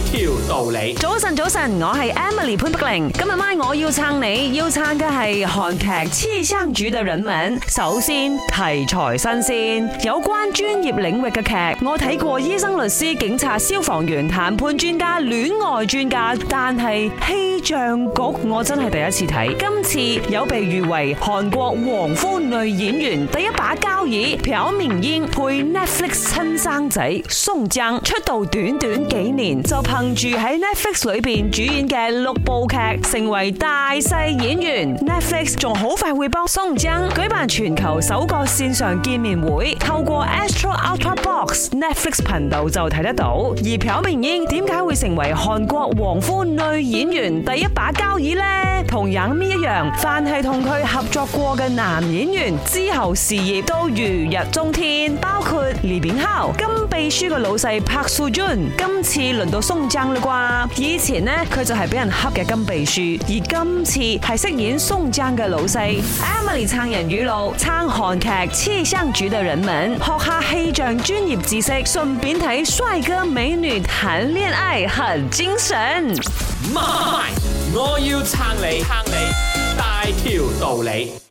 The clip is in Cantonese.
條道理。早晨，早晨，我係 Emily 潘碧玲。今日晚我要撐你，要撐嘅係韓劇《黐生主》嘅人名。首先題材新鮮，有關專業領域嘅劇，我睇過醫生、律師、警察、消防員、談判專家、戀愛專家，但係氣象局我真係第一次睇。今次有被譽為韓國黃歡女演員第一把交椅朴敏英配 Netflix 親生仔宋江，出道短短幾年就。憑住喺 Netflix 裏邊主演嘅六部劇，成為大勢演員。Netflix 仲好快會幫孫悟空舉辦全球首個線上見面會，透過 Astro Ultra Box Netflix 頻道就睇得到。而朴明英點解會成為韓國黃歡女演員第一把交椅呢？同尹 m 一樣，凡係同佢合作過嘅男演員之後事業都如日中天，包括李炳孝、金秘書嘅老細朴樹俊，今次輪到。松讚嘞啩，以前呢，佢就係俾人恰嘅金秘書，而今次係飾演松讚嘅老細。 Emily 撐人語錄，撐韓劇《氣象主嘅人們》，學下氣象專業知識，順便睇帥哥美女談戀愛，很精神。媽，我要撐你，撐你大條道理。